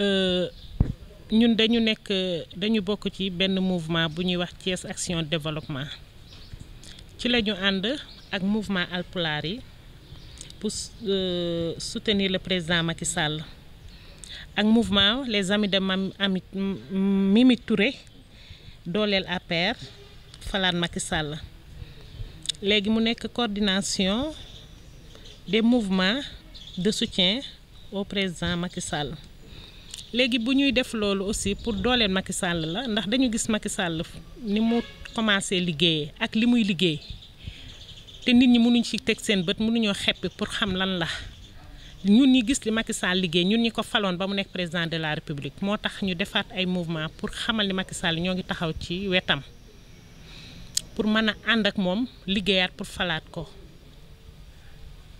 Euh, ñun dañu nekk dañu bokk ci benn mouvement bu ñuy wax Thiès action développement ci la ànd ak mouvement alpulaar yi pour euh, soutenir le président Macky Sall ak mouvement les amis de Mami ami Touré dooleel APR falaat Macky Sall léegi mu nekk coordination des mouvement de soutien au président Macky Sall. léegi bu ñuy def loolu aussi pour dooleel Macky Sall la ndax dañu gis Macky Sall ni mu commencé liggéeye ak li muy liggéey te nit ñi mënuñ ci teg seen bët mënuñoo xeppi pour xam lan la ñun ñi gis li Macky Sall liggéey ñun ñi ko faloon ba mu nekk président de la république moo tax ñu defaat ay mouvement pour xamal ni Macky Sall ñoo ngi taxaw ci wetam pour mën a ànd ak moom liggéeyaat pour falaat ko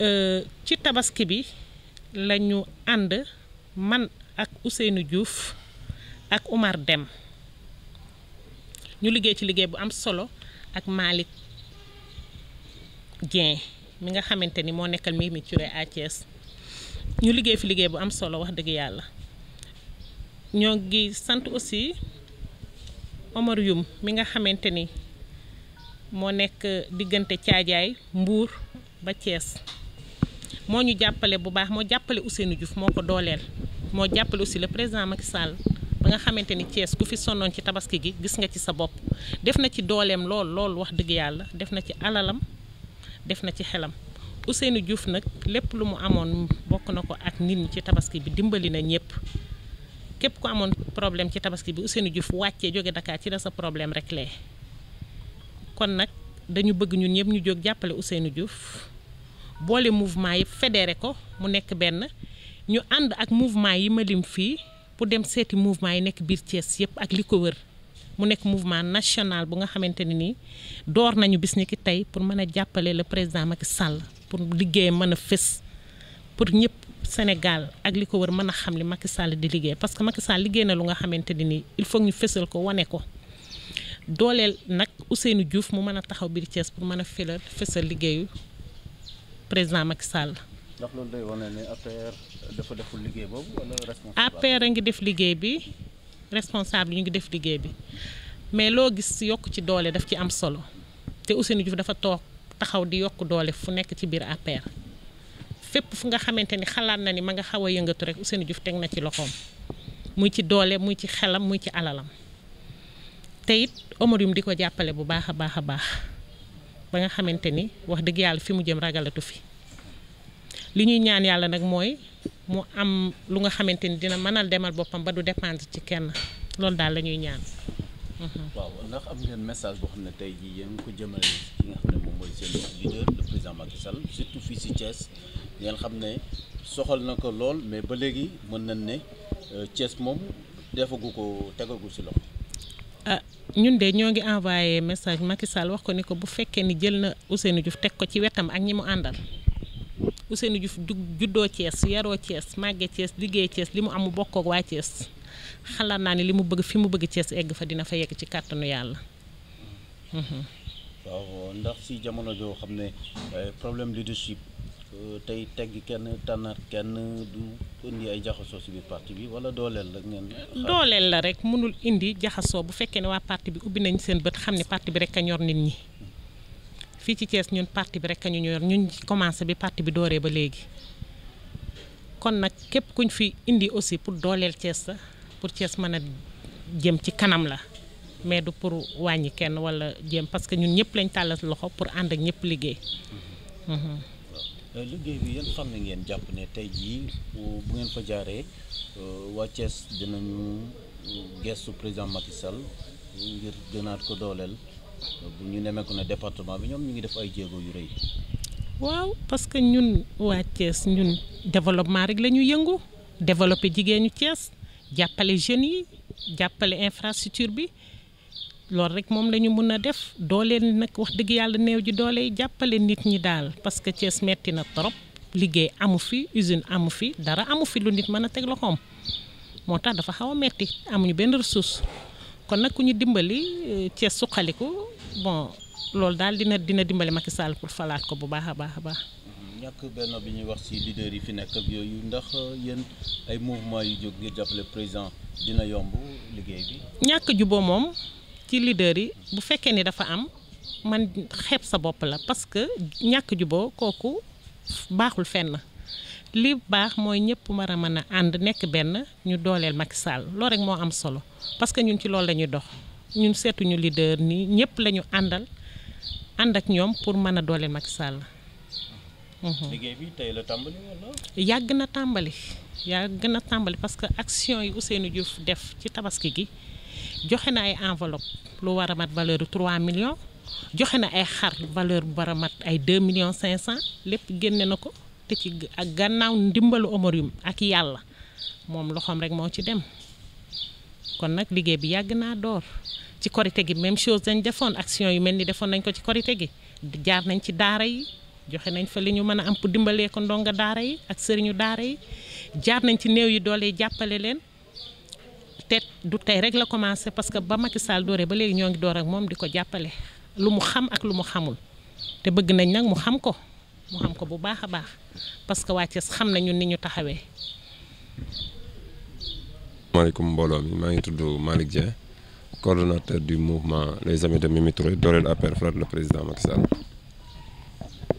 euh, ci tabaski bi la ñu ànd man. ak Ousseynou juuf ak Oumar Dem ñu liggéey ci liggéey bu am solo ak Malick Dieng mi nga xamante ni moo nekkal Mimi Touré à Thiès ñu liggéey fi liggéey bu am solo wax dëgg yàlla ñoo ngi sant aussi Omar Youm mi nga xamante ni moo nekk diggante Caajaay Mbuur ba Thiès moo ñu jàppale bu baax moo jàppale Ousseynou Diouf moo ko dooleel moo jàppale aussi le président Macky Sall ba nga xamante ni Thiès ku fi sonoon ci tabaski gi gis nga ci sa bopp def na ci dooleem lool lool wax dëgg yàlla def na ci alalam def na ci xelam Ousseynou juuf nag lépp lu mu amoon bokk na ko ak nit ñi ci tabaski bi dimbali na ñëpp képp ku amoon problème ci tabaski bi Ousseynou Diouf wàccee jóge Dakar ci la sa problème rek lee kon nag dañu bëgg ñun ñëpp ñu jóg jàppale Ousseynou juuf boole mouvement yëpp fédéré ko mu nekk benn ñu ànd ak mouvement yi ma lim fii pour dem seeti mouvement yi nekk biir Thiès yëpp ak li ko wër mu nekk mouvement national bu nga xamante ne nii door nañu bis ni ki tey pour mën a jàppale le président Macky Sall pour liggéey mën a fës pour ñëpp Sénégal ak li ko wër mën a xam li Macky Sall di liggéey parce que Macky Sall liggéey na lu nga xamante ne nii il faut ñu fësal ko wane ko dooleel nag Ousseynou Diouf mu mën a taxaw biir Thiès pour mën a fëlal fësal liggéeyu président Macky Sall. ndax loolu day wane ne APR a ngi def liggéey bi responsable ñu ngi def liggéey bi mais loo gis yokk ci doole daf ci am solo te Ousseynou Diouf dafa toog taxaw di yokk doole fu nekk ci biir APR fépp fu nga xamante ni xalaat na ni ma nga xaw a yëngatu rek Ousseynou Diouf teg na ci loxoom muy ci doole muy ci xelam muy ci alalam te it Omarium di ko jàppale bu baax a baax a baax ba nga xamante ni wax dëgg yàlla fi mu jëm ragalatu fi. li ñuy ñaan yàlla nag mooy mu am lu nga xamante ni dina mënal demal boppam ba du dépendre ci kenn loolu daal la ñuy ñaan. Mhm. waaw ndax am ngeen message boo xam ne tey jii yéen ko jëmale ki nga xam ne moom mooy surtout fii si Thiès ngeen xam ne soxal na ko lool mais ba léegi mën nañ ne euh, Thiès moom defagu ko tegagu si loxo. Ah, ñun de ñoo ngi envoyé message Macky wax ko ni ko bu fekkee ni jël na Ousseynou Diouf teg ko ci wetam ak ñi mu àndal. Ousseynou Diouf juddoo Thiès yaroo Thiès màgge Thiès liggéey Thiès li mu am mu bokk ak xalaat naa ne li mu bëgg fi mu bëgg Thiès egg fa dina fa yegg ci kàttanu yàlla. Mhm. waaw ndax si jamono joo xam ne eh, problème leadership euh, tey tegg kenn tànnaat kenn du indi ay jaxasoo si bi parti bi wala dooleel la ngeen. dooleel la rek mënul indi jaxasoo bu fekkee ne waa parti bi ubbi nañ seen bët xam ne parti bi rek a ñor nit ñi. fii ci Thiès ñun parti bi rek ñu ñu ñor ñun commencé bi parti bi dooree ba léegi kon nag képp kuñ fi indi aussi pour dooleel Thiès la pour Thiès mën a jëm ci kanam la mais du pour wàññi kenn wala jëm parce que ñun ñëpp lañ tàllal loxo pour ànd ak ñëpp liggéey. Mhm. Euh, liggéey bi yéen xam ne ngeen jàpp ne tey jii bu ngeen fa jaaree euh, waa Thiès dinañu euh, gestu président Macky Sall ngir gënaat ko dooleel. bu ñu nemmeeku na département bi ñoom ñu ngi def ay jéego yu rëy. waaw parce que ñun waa Thiès ñun développement rek la ñu yëngu développer jigéenu cees jàppale jeunes yi jàppale infrastructure bi loolu rek moom la ñu mun a def dooleel nag wax dëgg yàlla néew ji doole yi jàppale nit ñi daal parce que Thiès metti na trop liggéey amu fi usine amu fi dara amu fi lu nit mën a teg loxoom moo tax dafa xaw a metti amuñu benn ressource. kon nag ku ñu dimbali Thiès euh, suqaliku bon loolu daal dina dina dimbali Macky Sall pour falaat ko bu baax a baax a baax. Mm-hmm. ñàkk benn bi ñuy wax ci leader yi fi nekk ak yooyu ndax euh, yéen ay mouvement yu jóg ngir jàppale président dina yomb liggéey bi. ñàkk juboo moom ci leader yi bu fekkee ni dafa am man xeeb sa bopp la parce que ñàkk juboo kooku baaxul fenn. li baax mooy ñëpp war a mën a ànd nekk benn ñu dooleel mag Sall loo rek moo am solo parce que ñun ci loolu la ñuy dox ñun seetuñu leader nii ñëpp la ñu àndal ànd ak ñoom pour mën a dooleel mag Sall. Mhm. yàgg na tàmbali yàgg na tàmbali parce que action yi Ousseynou Diouf def ci tabaski gi joxe na ay enveloppe lu war a mat valeur bu millions joxe na ay xar valeur bu war a mat ay 2 millions 500 lépp génne na ko. te ci ak gannaaw ndimbalu Omarium ak yàlla moom loxoom rek moo ci dem kon nag liggéey bi yàgg naa door ci korite gi même chose dañ defoon action yu mel ni defoon nañ ko ci korite gi jaar nañ ci daara yi joxe nañ fa li ñu mën a am pour dimbalee ko ndonga daara yi ak sëriñu daara yi jaar nañ ci néew yi doole jàppale leen te du tey rek la commencé parce que ba Macky Sall dooree ba léegi ñoo ngi door ak moom di ko jàppale lu mu xam ak lu mu xamul te bëgg nañ nag mu xam ko mu xam ko bu baax a baax parce que waa Thiès xam nañu ni ñu taxawee. maaleykum mbooloo mi maa ngi tudd Malick Dieng coordonnateur du mouvement les amis de Mimi Touré dooleel APR le président Macky Sall.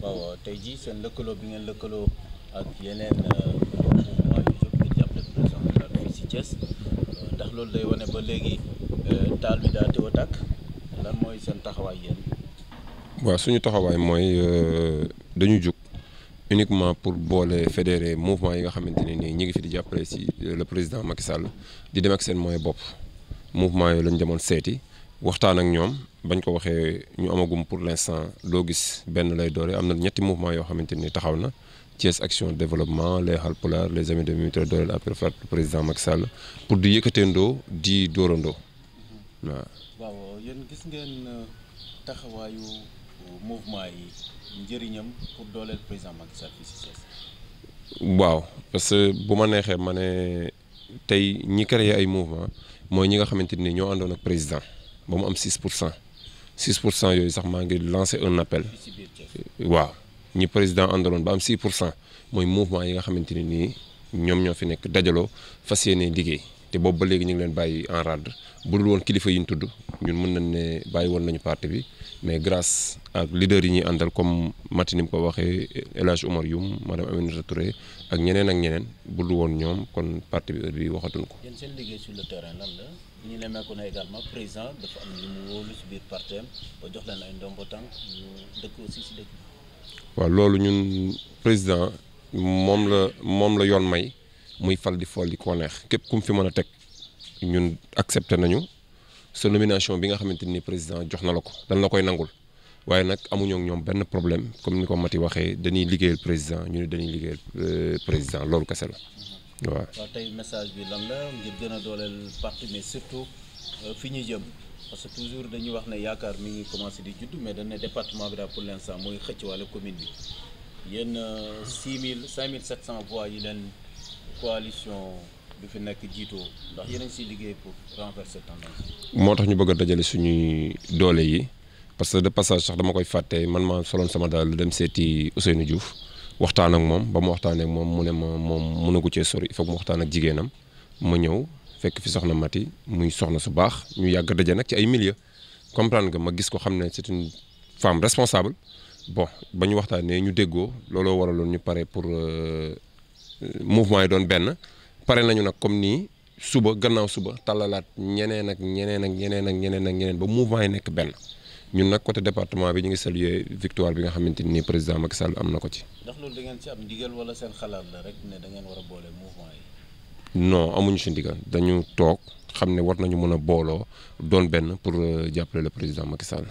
waaw tey jii seen lëkkaloo bi ngeen lëkkaloo ak yeneen euh, mouvement euh, ndax loolu day wane ba léegi euh, taal bi daa teew a tàkk lan mooy seen taxawaay yéen. waaw suñu taxawaay mooy. dañu jug uniquement pour boole fédérer mouvement yi nga xamante ne nii ñi ngi fi di jàppale si euh, le président Macky Sall di dem ak seen mooy bopp mouvement yooyu lañ demoon seeti waxtaan ak ñoom bañ ko waxee ñu amagum pour l'instant loo gis benn lay doore am na ñetti mouvement yoo xamante ni taxaw na Thiès action développement les Halpulaar les amis de Mimi Touré dooleel après fat président Macky Sall pour di yëkkateendoo di dóorandoo waaw. waaw yéen gis ngeen euh, taxawaayu. mouvement yi njëriñam pour dooleel président Macky Sall waaw parce que bu ma neexee ma ne tey ñi créé ay mouvement mooy ñi nga xamante ni ñoo àndoon ak président ba mu am 6 pour cent 6 pour cent yooyu sax maa ngi lancé un appel waaw ñi président àndaloon ba am 6 pour cent mooy mouvement yi nga xamante ne nii ñoom ñoo fi nekk dajaloo fas yéene liggéey. te boobu ba léegi ñu ngi leen bàyyi en rad bu dul woon kilifa yi ñu tudd ñun mën nañ ne bàyyi woon nañu parti bi mais grâce ak leader yi ñuy àndal comme Mati ni mu ko waxee El Hadj Omar Youm madame Aminata ak ñeneen ak ñeneen bu dul woon ñoom kon parti bi heure bi waxatuñ ko. yéen liggéey sur le terrain lan la ñu nemmeeku na également président dafa am lu mu wóolu ci biir partem ba jox leen ay ndombo tànk ñu waaw loolu ñun président moom la moom la yoon may. muy fal di fool di koo neex képp ku fi mën a teg ñun accepté nañu sa nomination bi nga xamante ni président jox na la ko dañ la koy nangul waaye nag amuñoo ñoom benn problème comme ni ko Mati waxee dañuy liggéeyal président ñu ne dañuy liggéeyal euh, président loolu kese la waaw. tey message bi lan la ngir gën a dooleel parti mais surtout euh, fi ñuy jëm parce que toujours dañuy wax ne yaakaar mi ngi commencé di judd mais dañ ne département bi daal pour l' instant mooy xëcc wala commune bi yéen 6 000 5 700 voix coalition bi fi nekk jiitoo a ngi siy liggéey moo tax ñu bëgg dajale suñuy doole yi parce que de passage sax dama koy fàtte man maa soloon sama daal dem seeti Ousseynou Diouf waxtaan ak moom ba mu waxtaanee ak moom mu ne ma moom mënagu cee sori il faut mu waxtaan ak jigéenam ma ñëw fekk fi soxna Mati muy soxna su baax ñu yàgg daje nag ci ay milieu comprendre nga ma gis ko xam ne c'est une femme responsable bo ba ñu waxtaanee ñu déggoo looloo waraloon ñu pare pour. Euh, mouvement yi doon benn pare nañu nag comme nii suba gannaaw suba tàllalaat ñeneen ak ñeneen ak ñeneen ak ñeneen ak ñeneen ba mouvement yi nekk benn ñu nag côté département bi ñu ngi saluer victoire bi nga xamante ni président Macky Sall am na ko ci. ndax loolu da ngeen ci am ndigal wala seen xalaat la rek ne da ngeen a boole mouvement yi. amuñu si dañu toog xam ne war nañu mën a booloo doon benn pour euh, jàppale le président Macky Sall.